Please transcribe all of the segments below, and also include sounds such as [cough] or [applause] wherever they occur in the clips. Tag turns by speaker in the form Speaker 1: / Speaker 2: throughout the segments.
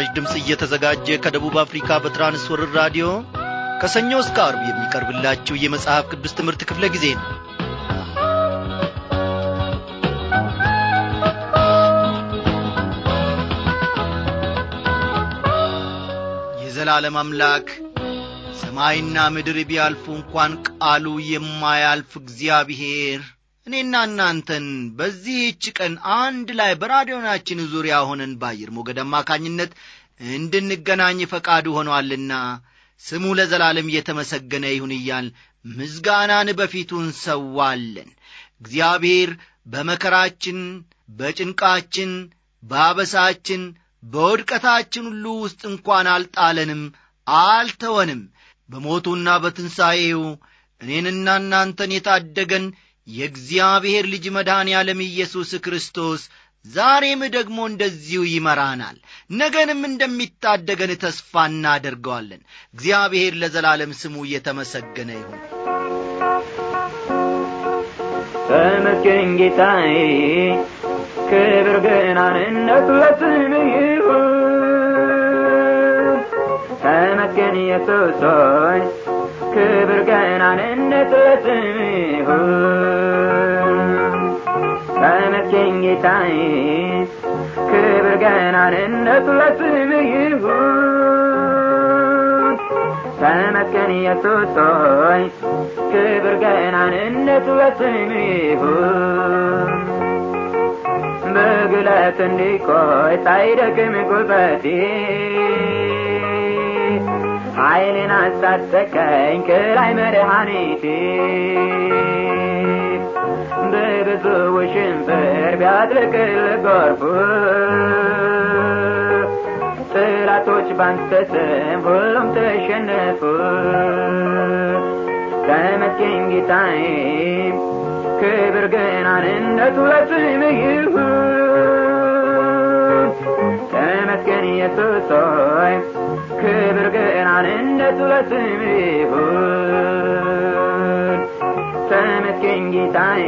Speaker 1: ለመስራች ድምፅ እየተዘጋጀ ከደቡብ አፍሪካ በትራንስወርር ራዲዮ ከሰኞ እስከ አርብ የሚቀርብላችሁ የመጽሐፍ ቅዱስ ትምህርት ክፍለ ጊዜ ነው የዘላለም አምላክ ሰማይና ምድር ቢያልፉ እንኳን ቃሉ የማያልፍ እግዚአብሔር እኔና እናንተን በዚህች ቀን አንድ ላይ በራዲዮናችን ዙሪያ ሆነን በአየር ሞገድ አማካኝነት እንድንገናኝ ፈቃዱ ሆኗልና ስሙ ለዘላለም እየተመሰገነ ይሁን እያል ምዝጋናን በፊቱ እንሰዋለን። እግዚአብሔር በመከራችን፣ በጭንቃችን፣ በአበሳችን፣ በውድቀታችን ሁሉ ውስጥ እንኳን አልጣለንም፣ አልተወንም። በሞቱና በትንሣኤው እኔንና እናንተን የታደገን የእግዚአብሔር ልጅ መድኃኔ ዓለም ኢየሱስ ክርስቶስ ዛሬም ደግሞ እንደዚሁ ይመራናል። ነገንም እንደሚታደገን ተስፋ እናደርገዋለን። እግዚአብሔር ለዘላለም ስሙ እየተመሰገነ ይሁን።
Speaker 2: ተመስገን ጌታዬ፣ ክብር ገናንነት ለስም ይሁን። ተመስገን ኢየሱስ ሆይ ክብር ገናንነት ለስም ይሁን ተመስገን ጌታዬ ክብር ገናንነት ለስም ይሁን ተመስገን ኢየሱስ ሆይ ክብር ገናንነት ለስም ይሁን በግለት እንዲቆይ ሳይደክም ጉልበቴ ዓይኔን አሳሰከኝ ክራይ መድኃኒቴ በብዙ ውሽንፍር ቢያጥልቅል ጎርፉ ጠላቶች ባንተ ስም ሁሉም ተሸነፉ። ተመስገን ጌታዬ፣ ክብር ገናንነቱ ለስምህ ይሁን። ተመስገን ኢየሱስ ሆይ ክብር ገናን እንደ ቱለስም ይሁን ተመስገን ጌታዬ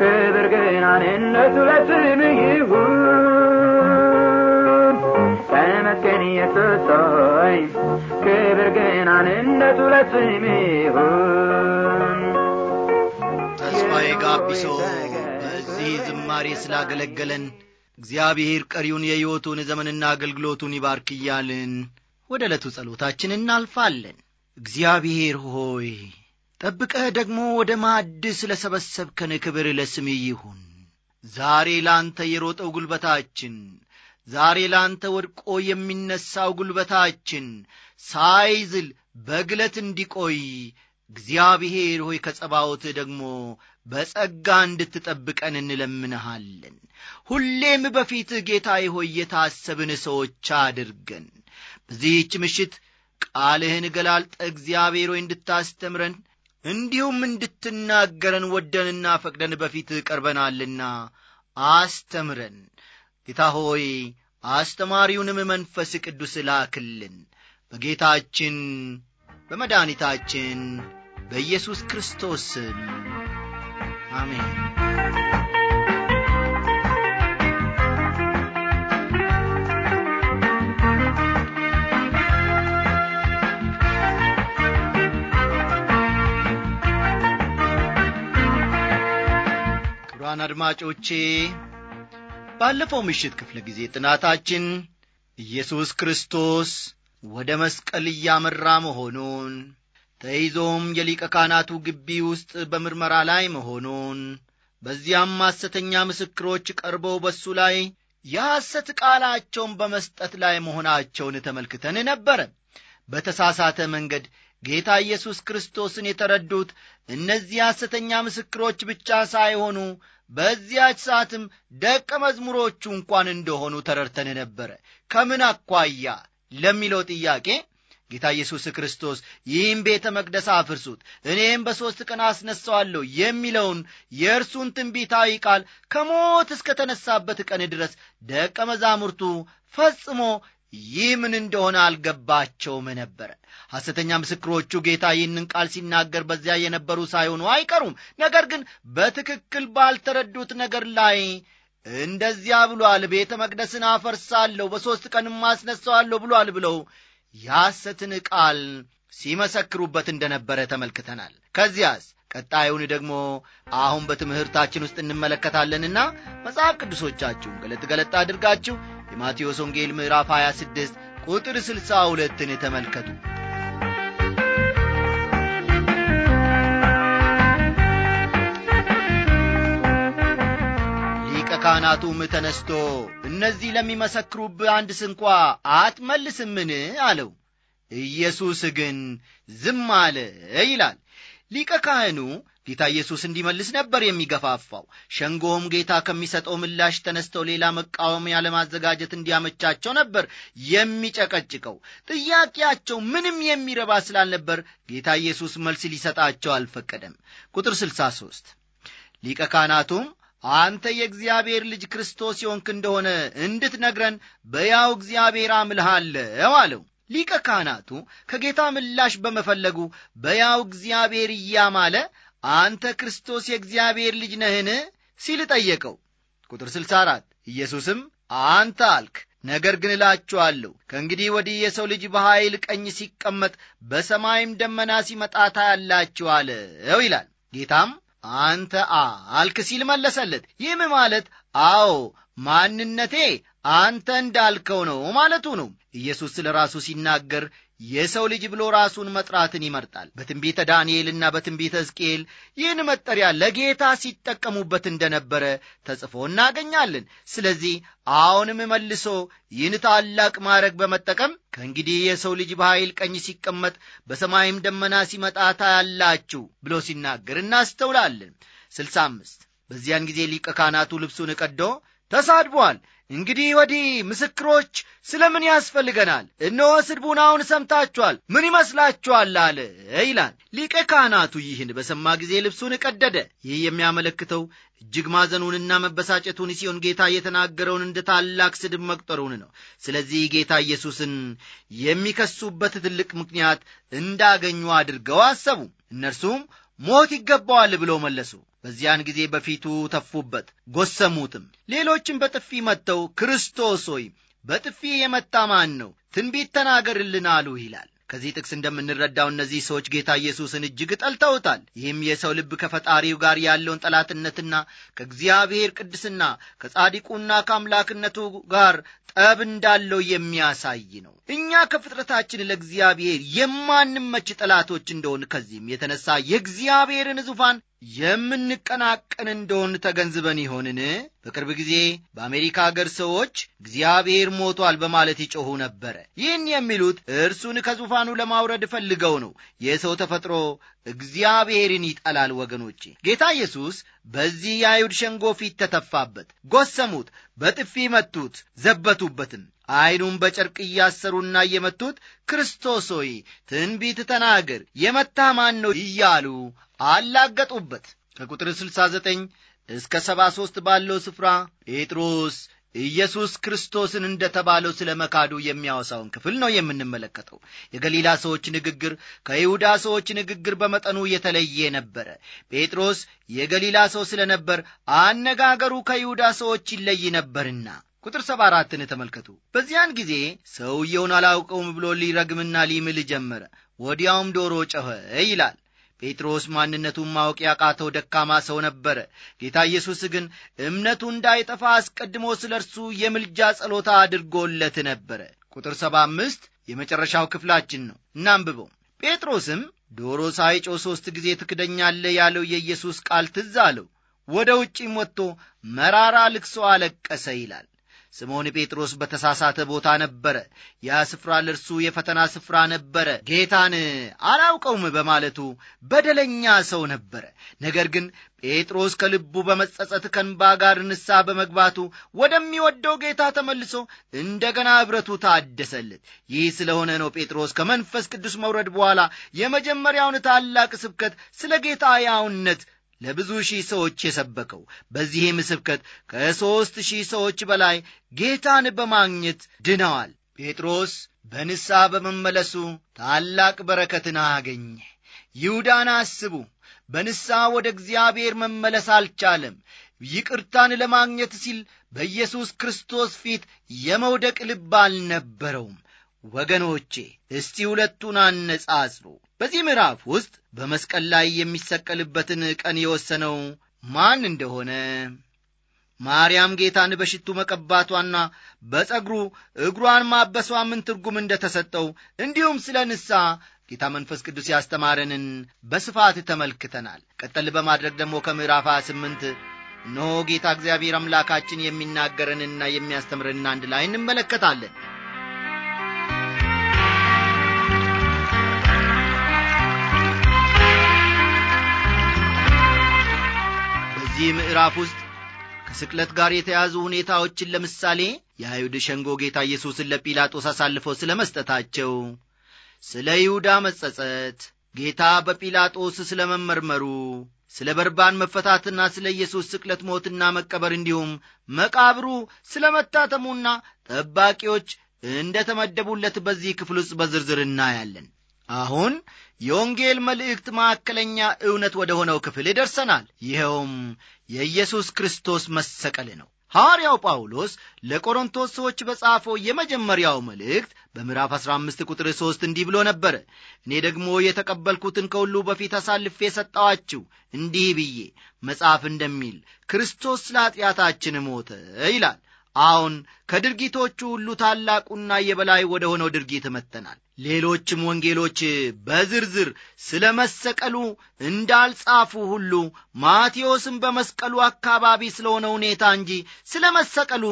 Speaker 2: ክብር ገናን እንደ ቱለስም ይሁን ተመስገን የሱሶይ ክብር ገናን እንደ ቱለስም ይሁን
Speaker 1: ተስፋዬ ጋቢሶ በዚህ ዝማሬ ስላገለገለን እግዚአብሔር ቀሪውን የሕይወቱን ዘመንና አገልግሎቱን ይባርክ እያልን ወደ ዕለቱ ጸሎታችን እናልፋለን። እግዚአብሔር ሆይ ጠብቀህ ደግሞ ወደ ማዕድ ስለ ሰበሰብከን ክብር ለስምህ ይሁን። ዛሬ ላንተ የሮጠው ጉልበታችን፣ ዛሬ ላንተ ወድቆ የሚነሣው ጉልበታችን ሳይዝል በግለት እንዲቆይ እግዚአብሔር ሆይ ከጸባዖትህ ደግሞ በጸጋ እንድትጠብቀን እንለምንሃለን። ሁሌም በፊትህ ጌታ ሆይ የታሰብን ሰዎች አድርገን። በዚህች ምሽት ቃልህን ገላልጠ እግዚአብሔር ሆይ እንድታስተምረን እንዲሁም እንድትናገረን ወደንና ፈቅደን በፊትህ ቀርበናልና አስተምረን። ጌታ ሆይ አስተማሪውንም መንፈስ ቅዱስ ላክልን። በጌታችን በመድኃኒታችን በኢየሱስ ክርስቶስ ስም Amén. ክቡራን አድማጮቼ ባለፈው ምሽት ክፍለ ጊዜ ጥናታችን ኢየሱስ ክርስቶስ ወደ መስቀል እያመራ መሆኑን ተይዞም የሊቀ ካህናቱ ግቢ ውስጥ በምርመራ ላይ መሆኑን በዚያም ሐሰተኛ ምስክሮች ቀርበው በሱ ላይ የሐሰት ቃላቸውን በመስጠት ላይ መሆናቸውን ተመልክተን ነበረ። በተሳሳተ መንገድ ጌታ ኢየሱስ ክርስቶስን የተረዱት እነዚህ ሐሰተኛ ምስክሮች ብቻ ሳይሆኑ በዚያች ሰዓትም ደቀ መዝሙሮቹ እንኳን እንደሆኑ ተረድተን ነበረ። ከምን አኳያ ለሚለው ጥያቄ ጌታ ኢየሱስ ክርስቶስ ይህም ቤተ መቅደስ አፍርሱት እኔም በሦስት ቀን አስነሳዋለሁ የሚለውን የእርሱን ትንቢታዊ ቃል ከሞት እስከ ተነሳበት ቀን ድረስ ደቀ መዛሙርቱ ፈጽሞ ይህ ምን እንደሆነ አልገባቸውም ነበረ። ሐሰተኛ ምስክሮቹ ጌታ ይህንን ቃል ሲናገር በዚያ የነበሩ ሳይሆኑ አይቀሩም። ነገር ግን በትክክል ባልተረዱት ነገር ላይ እንደዚያ ብሏል፣ ቤተ መቅደስን አፈርሳለሁ፣ በሦስት ቀንም አስነሳዋለሁ ብሏል ብለው የሐሰትን ቃል ሲመሰክሩበት እንደነበረ ተመልክተናል። ከዚያስ ቀጣዩን ደግሞ አሁን በትምህርታችን ውስጥ እንመለከታለንና መጽሐፍ ቅዱሶቻችሁን ገለጥ ገለጥ አድርጋችሁ የማቴዎስ ወንጌል ምዕራፍ 26 ቁጥር 62ን ተመልከቱ። ሊቀ ካህናቱም ተነስቶ እነዚህ ለሚመሰክሩብ አንድ ስንኳ አትመልስምን አለው ኢየሱስ ግን ዝም አለ ይላል ሊቀ ካህኑ ጌታ ኢየሱስ እንዲመልስ ነበር የሚገፋፋው ሸንጎውም ጌታ ከሚሰጠው ምላሽ ተነስተው ሌላ መቃወሚያ ለማዘጋጀት እንዲያመቻቸው ነበር የሚጨቀጭቀው ጥያቄያቸው ምንም የሚረባ ስላልነበር ጌታ ኢየሱስ መልስ ሊሰጣቸው አልፈቀደም ቁጥር 63 ሊቀ ካህናቱም አንተ የእግዚአብሔር ልጅ ክርስቶስ የሆንክ እንደሆነ እንድትነግረን በያው እግዚአብሔር አምልሃለው አለው ሊቀ ካህናቱ ከጌታ ምላሽ በመፈለጉ በያው እግዚአብሔር እያማለ አንተ ክርስቶስ የእግዚአብሔር ልጅ ነህን ሲል ጠየቀው ቁጥር 64 ኢየሱስም አንተ አልክ ነገር ግን እላችኋለሁ ከእንግዲህ ወዲህ የሰው ልጅ በኃይል ቀኝ ሲቀመጥ በሰማይም ደመና ሲመጣ ታያላችሁ ይላል ጌታም አንተ አልክ ሲል መለሰለት። ይህም ማለት አዎ ማንነቴ አንተ እንዳልከው ነው ማለቱ ነው። ኢየሱስ ስለ ራሱ ሲናገር የሰው ልጅ ብሎ ራሱን መጥራትን ይመርጣል። በትንቢተ ዳንኤልና በትንቢተ ሕዝቅኤል ይህን መጠሪያ ለጌታ ሲጠቀሙበት እንደነበረ ተጽፎ እናገኛለን። ስለዚህ አሁንም መልሶ ይህን ታላቅ ማዕረግ በመጠቀም ከእንግዲህ የሰው ልጅ በኃይል ቀኝ ሲቀመጥ በሰማይም ደመና ሲመጣ ታያላችሁ ብሎ ሲናገር እናስተውላለን። ስልሳ አምስት በዚያን ጊዜ ሊቀ ካህናቱ ልብሱን ቀዶ ተሳድቧል። እንግዲህ ወዲህ ምስክሮች ስለ ምን ያስፈልገናል? እነሆ ስድቡን አሁን ሰምታችኋል። ምን ይመስላችኋል አለ ይላል። ሊቀ ካህናቱ ይህን በሰማ ጊዜ ልብሱን ቀደደ። ይህ የሚያመለክተው እጅግ ማዘኑንና መበሳጨቱን ሲሆን ጌታ የተናገረውን እንደ ታላቅ ስድብ መቁጠሩን ነው። ስለዚህ ጌታ ኢየሱስን የሚከሱበት ትልቅ ምክንያት እንዳገኙ አድርገው አሰቡ። እነርሱም ሞት ይገባዋል ብለው መለሱ። በዚያን ጊዜ በፊቱ ተፉበት፣ ጎሰሙትም። ሌሎችም በጥፊ መጥተው ክርስቶስ ሆይ በጥፊ የመጣ ማን ነው? ትንቢት ተናገርልን አሉ ይላል። ከዚህ ጥቅስ እንደምንረዳው እነዚህ ሰዎች ጌታ ኢየሱስን እጅግ ጠልተውታል። ይህም የሰው ልብ ከፈጣሪው ጋር ያለውን ጠላትነትና ከእግዚአብሔር ቅድስና ከጻድቁና ከአምላክነቱ ጋር ጠብ እንዳለው የሚያሳይ ነው። እኛ ከፍጥረታችን ለእግዚአብሔር የማንመች ጠላቶች እንደሆን ከዚህም የተነሳ የእግዚአብሔርን ዙፋን የምንቀናቀን እንደሆን ተገንዝበን ይሆንን? በቅርብ ጊዜ በአሜሪካ አገር ሰዎች እግዚአብሔር ሞቷል በማለት ይጮኹ ነበረ። ይህን የሚሉት እርሱን ከዙፋኑ ለማውረድ ፈልገው ነው። የሰው ተፈጥሮ እግዚአብሔርን ይጠላል። ወገኖቼ ጌታ ኢየሱስ በዚህ የአይሁድ ሸንጎ ፊት ተተፋበት፣ ጎሰሙት፣ በጥፊ መቱት፣ ዘበቱበትም። አይኑን በጨርቅ እያሰሩና እየመቱት ክርስቶስ ሆይ ትንቢት ተናገር፣ የመታ ማን ነው እያሉ አላገጡበት። ከቁጥር 69 እስከ 73 ባለው ስፍራ ጴጥሮስ ኢየሱስ ክርስቶስን እንደ ተባለው ስለ መካዱ የሚያወሳውን ክፍል ነው የምንመለከተው። የገሊላ ሰዎች ንግግር ከይሁዳ ሰዎች ንግግር በመጠኑ የተለየ ነበረ። ጴጥሮስ የገሊላ ሰው ስለ ነበር አነጋገሩ ከይሁዳ ሰዎች ይለይ ነበርና። ቁጥር ሰባ አራትን ተመልከቱ። በዚያን ጊዜ ሰውየውን አላውቀውም ብሎ ሊረግምና ሊምል ጀመረ። ወዲያውም ዶሮ ጨኸ ይላል። ጴጥሮስ ማንነቱን ማወቅ ያቃተው ደካማ ሰው ነበረ። ጌታ ኢየሱስ ግን እምነቱ እንዳይጠፋ አስቀድሞ ስለ እርሱ የምልጃ ጸሎታ አድርጎለት ነበረ። ቁጥር ሰባ አምስት የመጨረሻው ክፍላችን ነው። እናንብበው። ጴጥሮስም ዶሮ ሳይጮ ሦስት ጊዜ ትክደኛለ ያለው የኢየሱስ ቃል ትዝ አለው። ወደ ውጪም ወጥቶ መራራ ልክሶ አለቀሰ ይላል። ስምዖን ጴጥሮስ በተሳሳተ ቦታ ነበረ። ያ ስፍራ ለእርሱ የፈተና ስፍራ ነበረ። ጌታን አላውቀውም በማለቱ በደለኛ ሰው ነበረ። ነገር ግን ጴጥሮስ ከልቡ በመጸጸት ከንባ ጋር ንሳ በመግባቱ ወደሚወደው ጌታ ተመልሶ እንደገና ኅብረቱ ታደሰለት። ይህ ስለሆነ ነው ጴጥሮስ ከመንፈስ ቅዱስ መውረድ በኋላ የመጀመሪያውን ታላቅ ስብከት ስለ ጌታ ያውነት ለብዙ ሺህ ሰዎች የሰበከው። በዚህም ስብከት ከሦስት ሺህ ሰዎች በላይ ጌታን በማግኘት ድነዋል። ጴጥሮስ በንሳ በመመለሱ ታላቅ በረከትን አገኘ። ይሁዳን አስቡ። በንሳ ወደ እግዚአብሔር መመለስ አልቻለም። ይቅርታን ለማግኘት ሲል በኢየሱስ ክርስቶስ ፊት የመውደቅ ልብ አልነበረውም። ወገኖቼ እስቲ ሁለቱን አነጻጽሩ። በዚህ ምዕራፍ ውስጥ በመስቀል ላይ የሚሰቀልበትን ቀን የወሰነው ማን እንደሆነ ማርያም ጌታን በሽቱ መቀባቷና በጸጉሩ እግሯን ማበሷ ምን ትርጉም እንደተሰጠው እንዲሁም ስለ ንሳ ጌታ መንፈስ ቅዱስ ያስተማረንን በስፋት ተመልክተናል። ቀጠል በማድረግ ደግሞ ከምዕራፍ 28 እነሆ ጌታ እግዚአብሔር አምላካችን የሚናገረንና የሚያስተምረንን አንድ ላይ እንመለከታለን። በዚህ ምዕራፍ ውስጥ ከስቅለት ጋር የተያዙ ሁኔታዎችን ለምሳሌ የአይሁድ ሸንጎ ጌታ ኢየሱስን ለጲላጦስ አሳልፈው ስለ መስጠታቸው፣ ስለ ይሁዳ መጸጸት፣ ጌታ በጲላጦስ ስለ መመርመሩ፣ ስለ በርባን መፈታትና ስለ ኢየሱስ ስቅለት ሞትና መቀበር እንዲሁም መቃብሩ ስለ መታተሙና ጠባቂዎች እንደ ተመደቡለት በዚህ ክፍል ውስጥ በዝርዝር እናያለን። አሁን የወንጌል መልእክት ማዕከለኛ እውነት ወደ ሆነው ክፍል ይደርሰናል። ይኸውም የኢየሱስ ክርስቶስ መሰቀል ነው። ሐዋርያው ጳውሎስ ለቆሮንቶስ ሰዎች በጻፈው የመጀመሪያው መልእክት በምዕራፍ 15 ቁጥር 3 እንዲህ ብሎ ነበረ። እኔ ደግሞ የተቀበልኩትን ከሁሉ በፊት አሳልፌ የሰጠኋችሁ እንዲህ ብዬ መጽሐፍ እንደሚል ክርስቶስ ስለ ኃጢአታችን ሞተ ይላል። አሁን ከድርጊቶቹ ሁሉ ታላቁና የበላይ ወደ ሆነው ድርጊት መጥተናል። ሌሎችም ወንጌሎች በዝርዝር ስለ መሰቀሉ እንዳልጻፉ ሁሉ ማቴዎስም በመስቀሉ አካባቢ ስለሆነ ሁኔታ እንጂ ስለ መሰቀሉ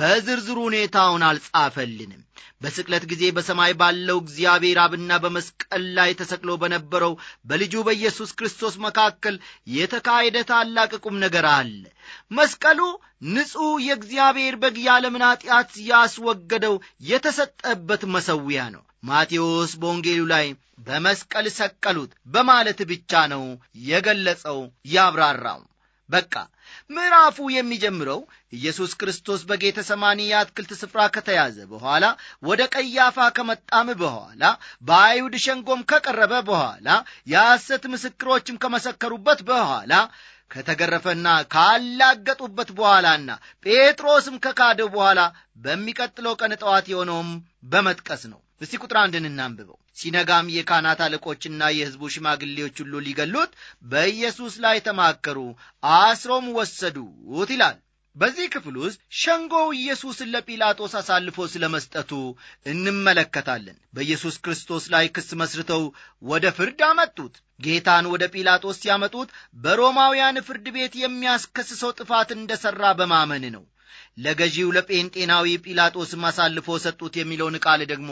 Speaker 1: በዝርዝር ሁኔታውን አልጻፈልንም በስቅለት ጊዜ በሰማይ ባለው እግዚአብሔር አብና በመስቀል ላይ ተሰቅሎ በነበረው በልጁ በኢየሱስ ክርስቶስ መካከል የተካሄደ ታላቅ ቁም ነገር አለ። መስቀሉ ንጹሕ የእግዚአብሔር በግ ያለምን ኃጢአት ያስወገደው የተሰጠበት መሠዊያ ነው። ማቴዎስ በወንጌሉ ላይ በመስቀል ሰቀሉት በማለት ብቻ ነው የገለጸው ያብራራው። በቃ ምዕራፉ የሚጀምረው ኢየሱስ ክርስቶስ በጌተ ሰማኒ የአትክልት ስፍራ ከተያዘ በኋላ ወደ ቀያፋ ከመጣም በኋላ በአይሁድ ሸንጎም ከቀረበ በኋላ የሐሰት ምስክሮችም ከመሰከሩበት በኋላ ከተገረፈና ካላገጡበት በኋላና ጴጥሮስም ከካደው በኋላ በሚቀጥለው ቀን ጠዋት የሆነውም በመጥቀስ ነው እስቲ ቁጥር አንድን እናንብበው ሲነጋም የካህናት አለቆችና የሕዝቡ ሽማግሌዎች ሁሉ ሊገሉት በኢየሱስ ላይ ተማከሩ አስሮም ወሰዱት ይላል በዚህ ክፍል ውስጥ ሸንጎው ኢየሱስን ለጲላጦስ አሳልፎ ስለ መስጠቱ እንመለከታለን። በኢየሱስ ክርስቶስ ላይ ክስ መስርተው ወደ ፍርድ አመጡት። ጌታን ወደ ጲላጦስ ሲያመጡት በሮማውያን ፍርድ ቤት የሚያስከስሰው ጥፋት እንደ ሠራ በማመን ነው። ለገዢው ለጴንጤናዊ ጲላጦስም አሳልፎ ሰጡት የሚለውን ቃል ደግሞ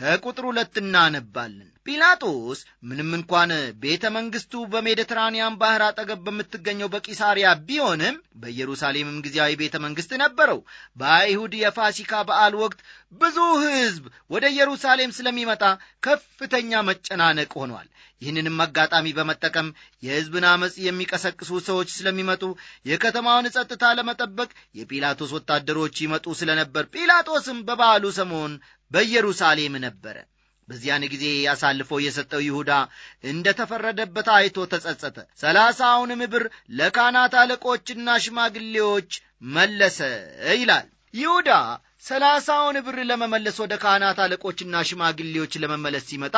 Speaker 1: ከቁጥር ሁለት እናነባለን ጲላጦስ ምንም እንኳን ቤተ መንግሥቱ በሜዲትራንያን ባሕር አጠገብ በምትገኘው በቂሳሪያ ቢሆንም በኢየሩሳሌምም ጊዜያዊ ቤተ መንግሥት ነበረው። በአይሁድ የፋሲካ በዓል ወቅት ብዙ ሕዝብ ወደ ኢየሩሳሌም ስለሚመጣ ከፍተኛ መጨናነቅ ሆኗል። ይህንንም አጋጣሚ በመጠቀም የሕዝብን አመፅ የሚቀሰቅሱ ሰዎች ስለሚመጡ የከተማውን ጸጥታ ለመጠበቅ የጲላጦስ ወታደሮች ይመጡ ስለነበር ጲላጦስም በበዓሉ ሰሞን በኢየሩሳሌም ነበረ። በዚያን ጊዜ አሳልፎ የሰጠው ይሁዳ እንደ ተፈረደበት አይቶ ተጸጸተ። ሰላሳውንም ብር ለካህናት አለቆችና ሽማግሌዎች መለሰ ይላል። ይሁዳ ሰላሳውን ብር ለመመለስ ወደ ካህናት አለቆችና ሽማግሌዎች ለመመለስ ሲመጣ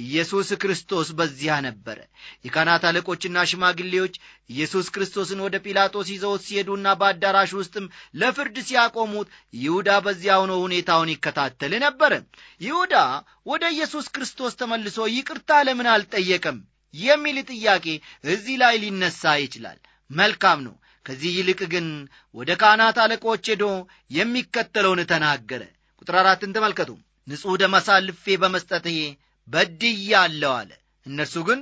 Speaker 1: ኢየሱስ ክርስቶስ በዚያ ነበረ። የካህናት አለቆችና ሽማግሌዎች ኢየሱስ ክርስቶስን ወደ ጲላጦስ ይዘውት ሲሄዱና በአዳራሽ ውስጥም ለፍርድ ሲያቆሙት ይሁዳ በዚያ ሆኖ ሁኔታውን ይከታተል ነበረ። ይሁዳ ወደ ኢየሱስ ክርስቶስ ተመልሶ ይቅርታ ለምን አልጠየቀም የሚል ጥያቄ እዚህ ላይ ሊነሳ ይችላል። መልካም ነው። ከዚህ ይልቅ ግን ወደ ካህናት አለቆች ሄዶ የሚከተለውን ተናገረ። ቁጥር አራትን ተመልከቱ። ንጹሕ ደም አሳልፌ በመስጠቴ በድያለሁ አለ። እነርሱ ግን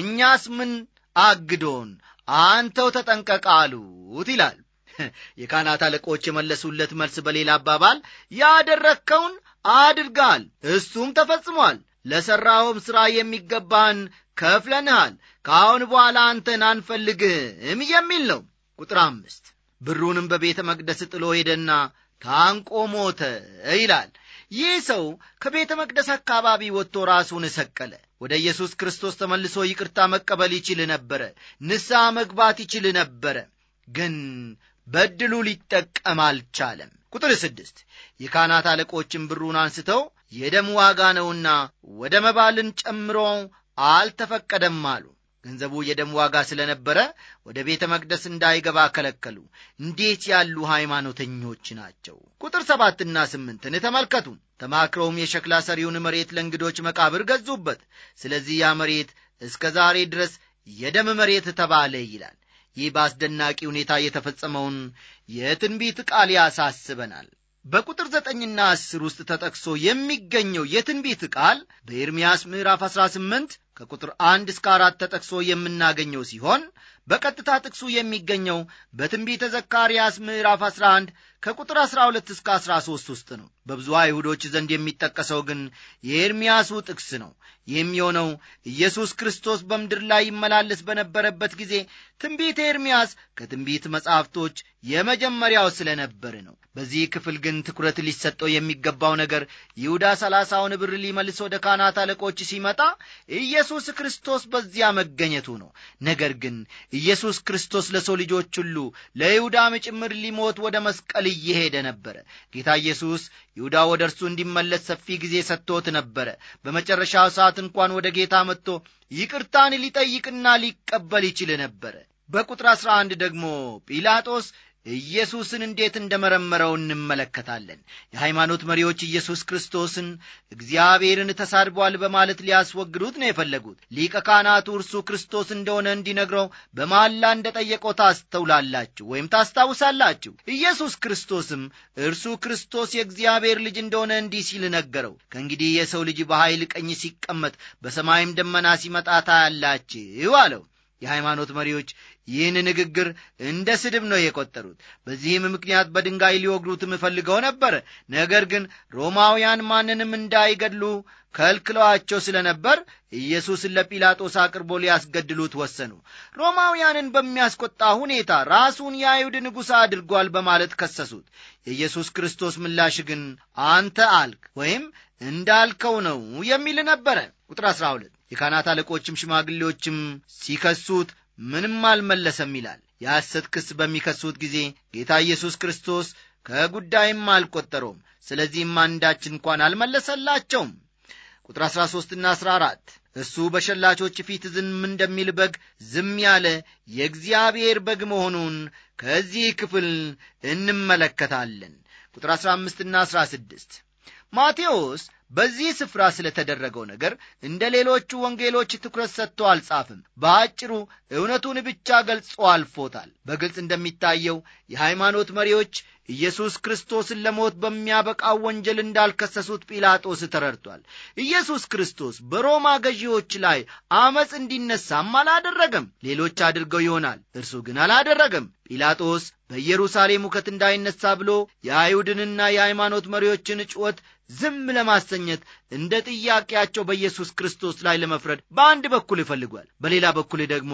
Speaker 1: እኛስ ምን አግዶን፣ አንተው ተጠንቀቅ አሉት ይላል። [laughs] የካህናት አለቆች የመለሱለት መልስ በሌላ አባባል ያደረግከውን አድርጋል እሱም ተፈጽሟል፣ ለሠራውም ሥራ የሚገባህን ከፍለንሃል፣ ከአሁን በኋላ አንተን አንፈልግህም የሚል ነው። ቁጥር አምስት ብሩንም በቤተ መቅደስ ጥሎ ሄደና ታንቆ ሞተ ይላል። ይህ ሰው ከቤተ መቅደስ አካባቢ ወጥቶ ራሱን ሰቀለ። ወደ ኢየሱስ ክርስቶስ ተመልሶ ይቅርታ መቀበል ይችል ነበረ። ንሳ መግባት ይችል ነበረ። ግን በድሉ ሊጠቀም አልቻለም። ቁጥር ስድስት የካናት አለቆችን ብሩን አንስተው የደም ዋጋ ነውና ወደ መባልን ጨምሮ አልተፈቀደም አሉ። ገንዘቡ የደም ዋጋ ስለነበረ ወደ ቤተ መቅደስ እንዳይገባ ከለከሉ። እንዴት ያሉ ሃይማኖተኞች ናቸው! ቁጥር ሰባትና ስምንትን ተመልከቱ። ተማክረውም የሸክላ ሰሪውን መሬት ለእንግዶች መቃብር ገዙበት። ስለዚህ ያ መሬት እስከ ዛሬ ድረስ የደም መሬት ተባለ ይላል። ይህ በአስደናቂ ሁኔታ የተፈጸመውን የትንቢት ቃል ያሳስበናል። በቁጥር ዘጠኝና አስር ውስጥ ተጠቅሶ የሚገኘው የትንቢት ቃል በኤርምያስ ምዕራፍ 18 ከቁጥር አንድ እስከ አራት ተጠቅሶ የምናገኘው ሲሆን በቀጥታ ጥቅሱ የሚገኘው በትንቢተ ዘካርያስ ምዕራፍ 11 ከቁጥር 12 እስከ 13 ውስጥ ነው። በብዙ አይሁዶች ዘንድ የሚጠቀሰው ግን የኤርምያሱ ጥቅስ ነው። ይህም የሆነው ኢየሱስ ክርስቶስ በምድር ላይ ይመላለስ በነበረበት ጊዜ ትንቢት ኤርምያስ ከትንቢት መጻሕፍቶች የመጀመሪያው ነበር ነው። በዚህ ክፍል ግን ትኩረት ሊሰጠው የሚገባው ነገር ይሁዳ ሰላሳውን ብር ሊመልስ ወደ ካህናት አለቆች ሲመጣ ኢየሱስ ክርስቶስ በዚያ መገኘቱ ነው። ነገር ግን ኢየሱስ ክርስቶስ ለሰው ልጆች ሁሉ ለይሁዳም ጭምር ሊሞት ወደ መስቀል ቃል እየሄደ ነበረ። ጌታ ኢየሱስ ይሁዳ ወደ እርሱ እንዲመለስ ሰፊ ጊዜ ሰጥቶት ነበረ። በመጨረሻ ሰዓት እንኳን ወደ ጌታ መጥቶ ይቅርታን ሊጠይቅና ሊቀበል ይችል ነበረ። በቁጥር አንድ ደግሞ ጲላጦስ ኢየሱስን እንዴት እንደመረመረው እንመለከታለን። የሃይማኖት መሪዎች ኢየሱስ ክርስቶስን እግዚአብሔርን ተሳድቧል በማለት ሊያስወግዱት ነው የፈለጉት። ሊቀ ካህናቱ እርሱ ክርስቶስ እንደሆነ እንዲነግረው በማላ እንደ ጠየቀው ታስተውላላችሁ ወይም ታስታውሳላችሁ። ኢየሱስ ክርስቶስም እርሱ ክርስቶስ የእግዚአብሔር ልጅ እንደሆነ እንዲህ ሲል ነገረው። ከእንግዲህ የሰው ልጅ በኃይል ቀኝ ሲቀመጥ፣ በሰማይም ደመና ሲመጣ ታያላችሁ አለው። የሃይማኖት መሪዎች ይህን ንግግር እንደ ስድብ ነው የቆጠሩት። በዚህም ምክንያት በድንጋይ ሊወግሩትም ፈልገው ነበር። ነገር ግን ሮማውያን ማንንም እንዳይገድሉ ከልክለዋቸው ስለ ነበር ኢየሱስን ለጲላጦስ አቅርቦ ሊያስገድሉት ወሰኑ። ሮማውያንን በሚያስቆጣ ሁኔታ ራሱን የአይሁድ ንጉሥ አድርጓል በማለት ከሰሱት። የኢየሱስ ክርስቶስ ምላሽ ግን አንተ አልክ ወይም እንዳልከው ነው የሚል ነበረ። ቁጥር 12 የካህናት አለቆችም ሽማግሌዎችም ሲከሱት ምንም አልመለሰም ይላል። የሐሰት ክስ በሚከሱት ጊዜ ጌታ ኢየሱስ ክርስቶስ ከጉዳይም አልቆጠረውም ስለዚህም አንዳች እንኳን አልመለሰላቸውም። ቁጥር 13ና 14 እሱ በሸላቾች ፊት ዝም እንደሚል በግ ዝም ያለ የእግዚአብሔር በግ መሆኑን ከዚህ ክፍል እንመለከታለን። ቁጥር 15ና 16 ማቴዎስ በዚህ ስፍራ ስለተደረገው ነገር እንደ ሌሎቹ ወንጌሎች ትኩረት ሰጥቶ አልጻፍም። በአጭሩ እውነቱን ብቻ ገልጾ አልፎታል። በግልጽ እንደሚታየው የሃይማኖት መሪዎች ኢየሱስ ክርስቶስን ለሞት በሚያበቃው ወንጀል እንዳልከሰሱት ጲላጦስ ተረድቷል። ኢየሱስ ክርስቶስ በሮማ ገዢዎች ላይ አመፅ እንዲነሳም አላደረገም። ሌሎች አድርገው ይሆናል፣ እርሱ ግን አላደረገም። ጲላጦስ በኢየሩሳሌም ውከት እንዳይነሳ ብሎ የአይሁድንና የሃይማኖት መሪዎችን ጩኸት ዝም ለማሰኘት እንደ ጥያቄያቸው በኢየሱስ ክርስቶስ ላይ ለመፍረድ በአንድ በኩል ይፈልጓል፣ በሌላ በኩል ደግሞ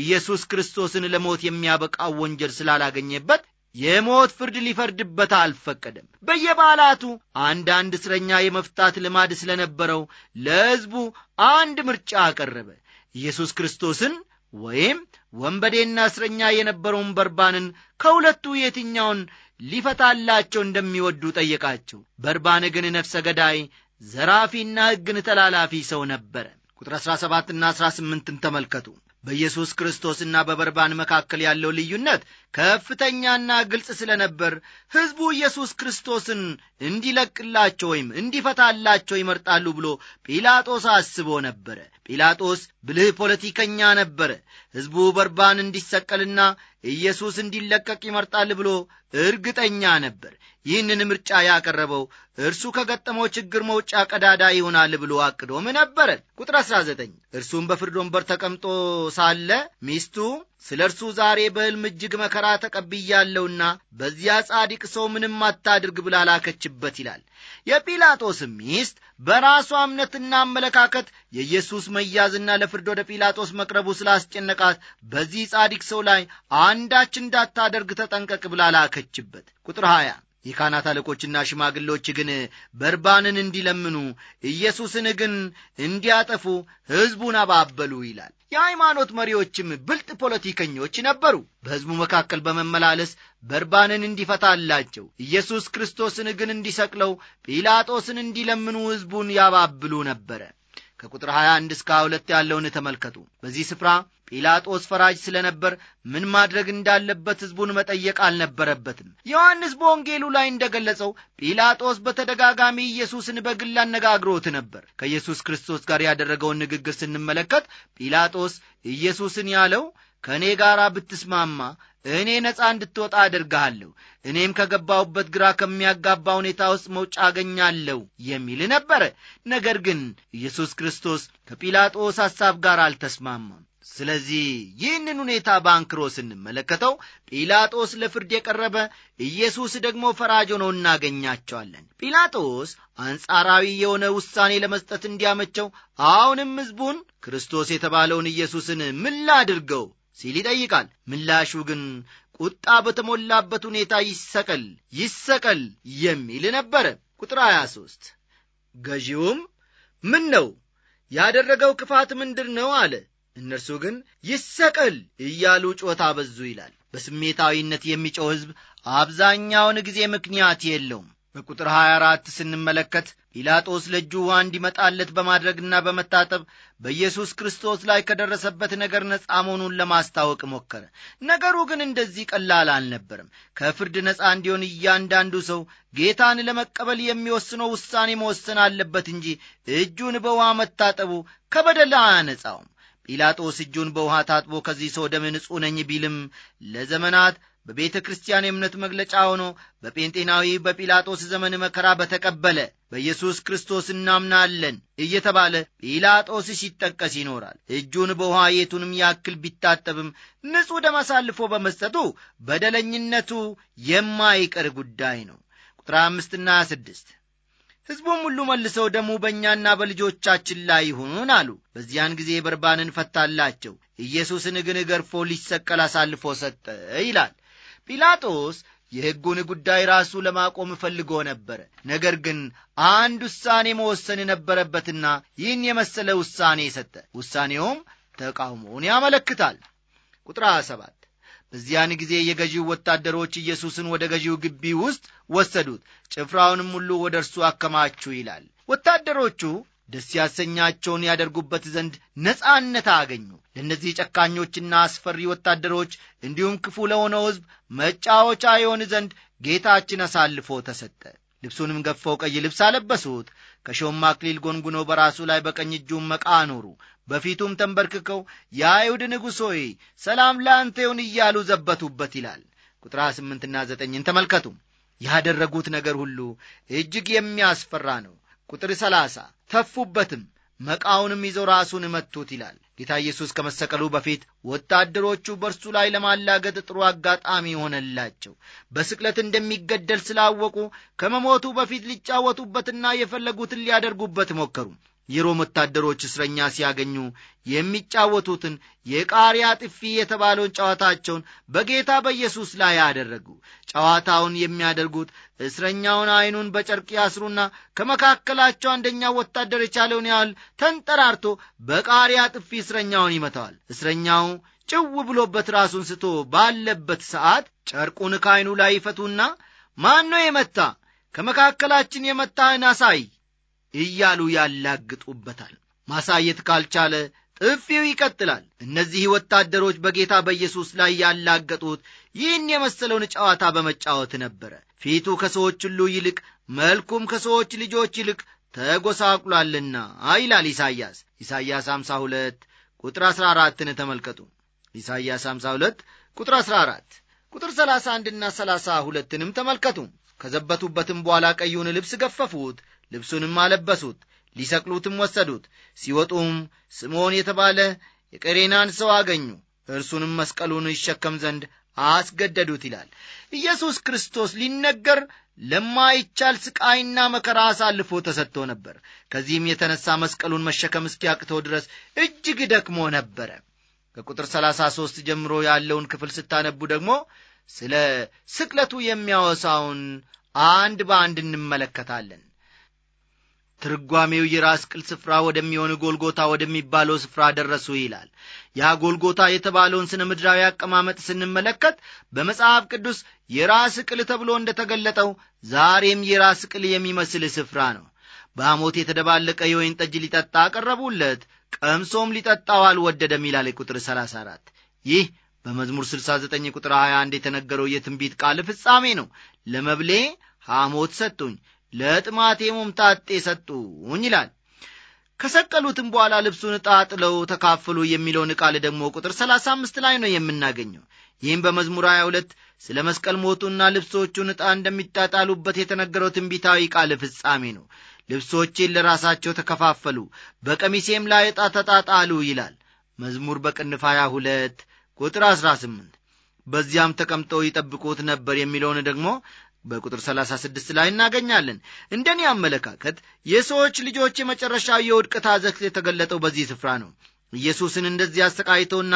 Speaker 1: ኢየሱስ ክርስቶስን ለሞት የሚያበቃው ወንጀል ስላላገኘበት የሞት ፍርድ ሊፈርድበት አልፈቀደም። በየበዓላቱ አንዳንድ እስረኛ የመፍታት ልማድ ስለነበረው ለሕዝቡ አንድ ምርጫ አቀረበ። ኢየሱስ ክርስቶስን ወይም ወንበዴና እስረኛ የነበረውን በርባንን ከሁለቱ የትኛውን ሊፈታላቸው እንደሚወዱ ጠየቃቸው። በርባን ግን ነፍሰ ገዳይ፣ ዘራፊና ሕግን ተላላፊ ሰው ነበረ። ቁጥር 17ና 18ን ተመልከቱ። በኢየሱስ ክርስቶስና በበርባን መካከል ያለው ልዩነት ከፍተኛና ግልጽ ስለነበር ሕዝቡ ኢየሱስ ክርስቶስን እንዲለቅላቸው ወይም እንዲፈታላቸው ይመርጣሉ ብሎ ጲላጦስ አስቦ ነበረ። ጲላጦስ ብልህ ፖለቲከኛ ነበረ። ሕዝቡ በርባን እንዲሰቀልና ኢየሱስ እንዲለቀቅ ይመርጣል ብሎ እርግጠኛ ነበር። ይህንን ምርጫ ያቀረበው እርሱ ከገጠመው ችግር መውጫ ቀዳዳ ይሆናል ብሎ አቅዶም ነበረ። ቁጥር 19 እርሱም በፍርድ ወንበር ተቀምጦ ሳለ ሚስቱ ስለ እርሱ ዛሬ በሕልም እጅግ መከራ ተቀብያለውና በዚያ ጻድቅ ሰው ምንም አታድርግ ብላ ላከችበት ይላል። የጲላጦስ ሚስት በራሷ እምነትና አመለካከት የኢየሱስ መያዝና ለፍርድ ወደ ጲላጦስ መቅረቡ ስላስጨነቃት በዚህ ጻድቅ ሰው ላይ አንዳች እንዳታደርግ ተጠንቀቅ ብላ ላከችበት። ቁጥር 20 የካህናት አለቆችና ሽማግሎች ግን በርባንን እንዲለምኑ ኢየሱስን ግን እንዲያጠፉ ሕዝቡን አባበሉ ይላል። የሃይማኖት መሪዎችም ብልጥ ፖለቲከኞች ነበሩ። በሕዝቡ መካከል በመመላለስ በርባንን እንዲፈታላቸው፣ ኢየሱስ ክርስቶስን ግን እንዲሰቅለው ጲላጦስን እንዲለምኑ ሕዝቡን ያባብሉ ነበረ። ከቁጥር 21 እስከ 22 ያለውን ተመልከቱ። በዚህ ስፍራ ጲላጦስ ፈራጅ ስለነበር ምን ማድረግ እንዳለበት ሕዝቡን መጠየቅ አልነበረበትም። ዮሐንስ በወንጌሉ ላይ እንደገለጸው ጲላጦስ በተደጋጋሚ ኢየሱስን በግል አነጋግሮት ነበር። ከኢየሱስ ክርስቶስ ጋር ያደረገውን ንግግር ስንመለከት ጲላጦስ ኢየሱስን ያለው ከእኔ ጋር ብትስማማ እኔ ነፃ እንድትወጣ አደርግሃለሁ፣ እኔም ከገባሁበት ግራ ከሚያጋባ ሁኔታ ውስጥ መውጫ አገኛለሁ የሚል ነበረ። ነገር ግን ኢየሱስ ክርስቶስ ከጲላጦስ ሐሳብ ጋር አልተስማማም። ስለዚህ ይህንን ሁኔታ በአንክሮ ስንመለከተው ጲላጦስ ለፍርድ የቀረበ ኢየሱስ ደግሞ ፈራጅ ሆነው እናገኛቸዋለን። ጲላጦስ አንጻራዊ የሆነ ውሳኔ ለመስጠት እንዲያመቸው አሁንም ሕዝቡን ክርስቶስ የተባለውን ኢየሱስን ምላ አድርገው ሲል ይጠይቃል። ምላሹ ግን ቁጣ በተሞላበት ሁኔታ ይሰቀል ይሰቀል የሚል ነበረ። ቁጥር 23 ገዢውም ምን ነው ያደረገው ክፋት ምንድር ነው አለ እነርሱ ግን ይሰቀል እያሉ ጩኸት አበዙ ይላል። በስሜታዊነት የሚጮው ሕዝብ አብዛኛውን ጊዜ ምክንያት የለውም። በቁጥር 24 ስንመለከት ጲላጦስ ለእጁ ውሃ እንዲመጣለት በማድረግና በመታጠብ በኢየሱስ ክርስቶስ ላይ ከደረሰበት ነገር ነፃ መሆኑን ለማስታወቅ ሞከረ። ነገሩ ግን እንደዚህ ቀላል አልነበርም። ከፍርድ ነፃ እንዲሆን እያንዳንዱ ሰው ጌታን ለመቀበል የሚወስነው ውሳኔ መወሰን አለበት እንጂ እጁን በውሃ መታጠቡ ከበደል አያነጻውም። ጲላጦስ እጁን በውሃ ታጥቦ ከዚህ ሰው ደም ንጹሕ ነኝ ቢልም ለዘመናት በቤተ ክርስቲያን የእምነት መግለጫ ሆኖ በጴንጤናዊ በጲላጦስ ዘመን መከራ በተቀበለ በኢየሱስ ክርስቶስ እናምናለን እየተባለ ጲላጦስ ሲጠቀስ ይኖራል። እጁን በውሃ የቱንም ያክል ቢታጠብም ንጹሕ ደም አሳልፎ በመስጠቱ በደለኝነቱ የማይቀር ጉዳይ ነው። ቁጥር አምስትና ስድስት ሕዝቡም ሁሉ መልሰው ደሙ በእኛና በልጆቻችን ላይ ይሁን አሉ። በዚያን ጊዜ በርባንን ፈታላቸው፣ ኢየሱስን ግን ገርፎ ሊሰቀል አሳልፎ ሰጠ ይላል። ጲላጦስ የሕጉን ጉዳይ ራሱ ለማቆም ፈልጎ ነበረ። ነገር ግን አንድ ውሳኔ መወሰን ነበረበትና ይህን የመሰለ ውሳኔ ሰጠ። ውሳኔውም ተቃውሞውን ያመለክታል። ቁጥር 27 በዚያን ጊዜ የገዢው ወታደሮች ኢየሱስን ወደ ገዢው ግቢ ውስጥ ወሰዱት፣ ጭፍራውንም ሁሉ ወደ እርሱ አከማቹ ይላል። ወታደሮቹ ደስ ያሰኛቸውን ያደርጉበት ዘንድ ነጻነት አገኙ። ለእነዚህ ጨካኞችና አስፈሪ ወታደሮች እንዲሁም ክፉ ለሆነው ሕዝብ መጫወቻ የሆን ዘንድ ጌታችን አሳልፎ ተሰጠ። ልብሱንም ገፈው ቀይ ልብስ አለበሱት። ከሾም አክሊል ጎንጉኖ በራሱ ላይ በቀኝ እጁም መቃ አኖሩ። በፊቱም ተንበርክከው የአይሁድ ንጉሥ ሆይ ሰላም ለአንተ ይሁን እያሉ ዘበቱበት ይላል ቁጥር 8ና ተመልከቱ ያደረጉት ነገር ሁሉ እጅግ የሚያስፈራ ነው ቁጥር ሰላሳ ተፉበትም መቃውንም ይዘው ራሱን መቱት ይላል ጌታ ኢየሱስ ከመሰቀሉ በፊት ወታደሮቹ በእርሱ ላይ ለማላገጥ ጥሩ አጋጣሚ ሆነላቸው በስቅለት እንደሚገደል ስላወቁ ከመሞቱ በፊት ሊጫወቱበትና የፈለጉትን ሊያደርጉበት ሞከሩ የሮም ወታደሮች እስረኛ ሲያገኙ የሚጫወቱትን የቃሪያ ጥፊ የተባለውን ጨዋታቸውን በጌታ በኢየሱስ ላይ ያደረጉ። ጨዋታውን የሚያደርጉት እስረኛውን ዐይኑን በጨርቅ ያስሩና ከመካከላቸው አንደኛው ወታደር የቻለውን ያህል ተንጠራርቶ በቃሪያ ጥፊ እስረኛውን ይመታዋል። እስረኛው ጭው ብሎበት ራሱን ስቶ ባለበት ሰዓት ጨርቁን ከዐይኑ ላይ ይፈቱና ማን ነው የመታ? ከመካከላችን የመታህን አሳይ እያሉ ያላግጡበታል። ማሳየት ካልቻለ ጥፊው ይቀጥላል። እነዚህ ወታደሮች በጌታ በኢየሱስ ላይ ያላገጡት ይህን የመሰለውን ጨዋታ በመጫወት ነበረ። ፊቱ ከሰዎች ሁሉ ይልቅ መልኩም ከሰዎች ልጆች ይልቅ ተጐሳቁሏልና ይላል ኢሳይያስ። ኢሳይያስ 52 ቁጥር 14ን ተመልከቱ። ኢሳይያስ 52 ቁጥር 14 ቁጥር 31ና 32ንም ተመልከቱ። ከዘበቱበትም በኋላ ቀዩን ልብስ ገፈፉት፣ ልብሱንም አለበሱት፣ ሊሰቅሉትም ወሰዱት። ሲወጡም ስምዖን የተባለ የቀሬናን ሰው አገኙ፣ እርሱንም መስቀሉን ይሸከም ዘንድ አስገደዱት ይላል። ኢየሱስ ክርስቶስ ሊነገር ለማይቻል ስቃይና መከራ አሳልፎ ተሰጥቶ ነበር። ከዚህም የተነሳ መስቀሉን መሸከም እስኪያቅተው ድረስ እጅግ ደክሞ ነበረ። ከቁጥር 33 ጀምሮ ያለውን ክፍል ስታነቡ ደግሞ ስለ ስቅለቱ የሚያወሳውን አንድ በአንድ እንመለከታለን። ትርጓሜው የራስ ቅል ስፍራ ወደሚሆን ጎልጎታ ወደሚባለው ስፍራ ደረሱ ይላል። ያ ጎልጎታ የተባለውን ስነ ምድራዊ አቀማመጥ ስንመለከት በመጽሐፍ ቅዱስ የራስ ቅል ተብሎ እንደ ተገለጠው ዛሬም የራስ ቅል የሚመስል ስፍራ ነው። በአሞት የተደባለቀ የወይን ጠጅ ሊጠጣ አቀረቡለት፣ ቀምሶም ሊጠጣው አልወደደም ይላል ቁጥር 34 ይህ በመዝሙር 69 ቁጥር 21 የተነገረው የትንቢት ቃል ፍጻሜ ነው። ለመብሌ ሐሞት ሰጡኝ ለጥማቴ ሆምጣጤ ሰጡኝ ይላል። ከሰቀሉትም በኋላ ልብሱን ጣጥለው ተካፈሉ የሚለውን ቃል ደግሞ ቁጥር 35 ላይ ነው የምናገኘው። ይህም በመዝሙር 22 ስለ መስቀል ሞቱና ልብሶቹን ዕጣ እንደሚጣጣሉበት የተነገረው ትንቢታዊ ቃል ፍጻሜ ነው። ልብሶቼን ለራሳቸው ተከፋፈሉ፣ በቀሚሴም ላይ ዕጣ ተጣጣሉ ይላል መዝሙር በቅንፍ 22 ቁጥር 18። በዚያም ተቀምጠው ይጠብቁት ነበር የሚለውን ደግሞ በቁጥር 36 ላይ እናገኛለን። እንደኔ አመለካከት የሰዎች ልጆች የመጨረሻ የውድቀት አዘቅት የተገለጠው በዚህ ስፍራ ነው። ኢየሱስን እንደዚህ አሰቃይተውና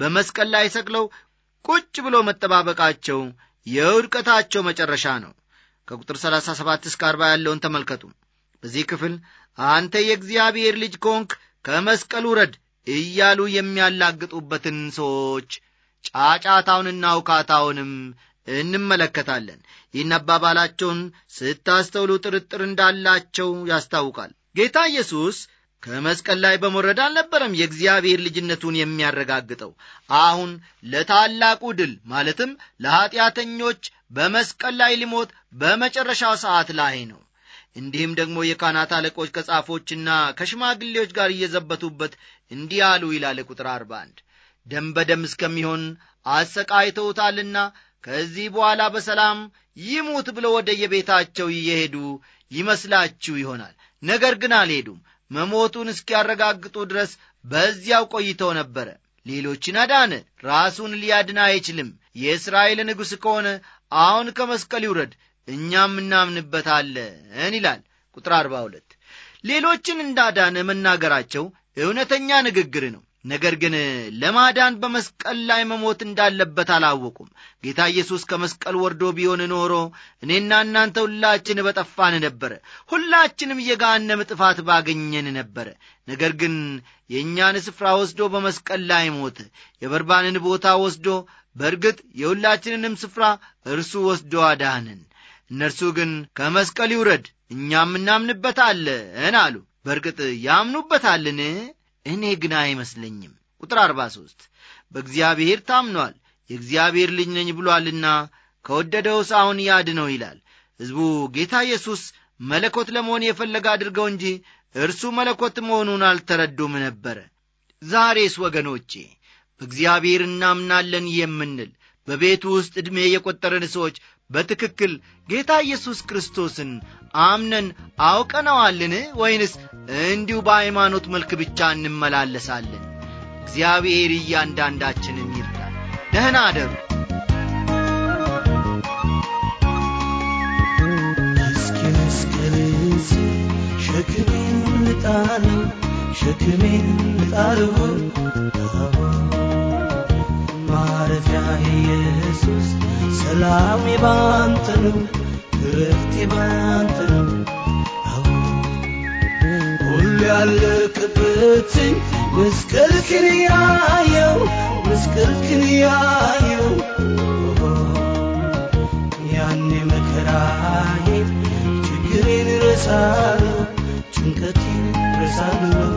Speaker 1: በመስቀል ላይ ሰቅለው ቁጭ ብሎ መጠባበቃቸው የውድቀታቸው መጨረሻ ነው። ከቁጥር 37 እስከ 40 ያለውን ተመልከቱ። በዚህ ክፍል አንተ የእግዚአብሔር ልጅ ከሆንክ ከመስቀል ውረድ እያሉ የሚያላግጡበትን ሰዎች ጫጫታውንና ውካታውንም እንመለከታለን። ይህን አባባላቸውን ስታስተውሉ ጥርጥር እንዳላቸው ያስታውቃል። ጌታ ኢየሱስ ከመስቀል ላይ በመውረድ አልነበረም የእግዚአብሔር ልጅነቱን የሚያረጋግጠው። አሁን ለታላቁ ድል ማለትም ለኀጢአተኞች በመስቀል ላይ ሊሞት በመጨረሻው ሰዓት ላይ ነው። እንዲህም ደግሞ የካህናት አለቆች ከጻፎችና ከሽማግሌዎች ጋር እየዘበቱበት እንዲህ አሉ ይላል ቁጥር 41 ደም በደም እስከሚሆን አሰቃይተውታልና ከዚህ በኋላ በሰላም ይሙት ብሎ ወደ የቤታቸው እየሄዱ ይመስላችሁ ይሆናል። ነገር ግን አልሄዱም። መሞቱን እስኪያረጋግጡ ድረስ በዚያው ቆይተው ነበረ። ሌሎችን አዳነ፣ ራሱን ሊያድን አይችልም። የእስራኤል ንጉሥ ከሆነ አሁን ከመስቀል ይውረድ፣ እኛም እናምንበታለን ይላል። ቁጥር 42 ሌሎችን እንዳዳነ መናገራቸው እውነተኛ ንግግር ነው። ነገር ግን ለማዳን በመስቀል ላይ መሞት እንዳለበት አላወቁም። ጌታ ኢየሱስ ከመስቀል ወርዶ ቢሆን ኖሮ እኔና እናንተ ሁላችን በጠፋን ነበረ። ሁላችንም የጋነም ጥፋት ባገኘን ነበረ። ነገር ግን የእኛን ስፍራ ወስዶ በመስቀል ላይ ሞት የበርባንን ቦታ ወስዶ በእርግጥ የሁላችንንም ስፍራ እርሱ ወስዶ አዳንን። እነርሱ ግን ከመስቀል ይውረድ፣ እኛም እናምንበታለን አሉ። በእርግጥ ያምኑበታልን? እኔ ግን አይመስለኝም። ቁጥር 43 በእግዚአብሔር ታምኗል፣ የእግዚአብሔር ልጅ ነኝ ብሏልና ከወደደው ያድ ያድነው ይላል። ሕዝቡ ጌታ ኢየሱስ መለኮት ለመሆን የፈለገ አድርገው እንጂ እርሱ መለኮት መሆኑን አልተረዱም ነበረ። ዛሬስ ወገኖቼ በእግዚአብሔር እናምናለን የምንል በቤቱ ውስጥ ዕድሜ የቈጠረን ሰዎች በትክክል ጌታ ኢየሱስ ክርስቶስን አምነን አውቀነዋልን ወይንስ እንዲሁ በሃይማኖት መልክ ብቻ እንመላለሳለን? እግዚአብሔር እያንዳንዳችንን ይርዳል። ደህና አደሩ።
Speaker 2: ሸክሜን ጣሩ ሸክሜን ጣሩ ማረፊያ ኢየሱስ ሰላም ባንተ ነው ክብርት ባንተ ነው ሁሉ ክብትኝ መስቀልክን ያየው መስቀልክን ያየው ያኔ መከራዬ ችግሬን ረሳለሁ ጭንቀቴን ረሳለሁ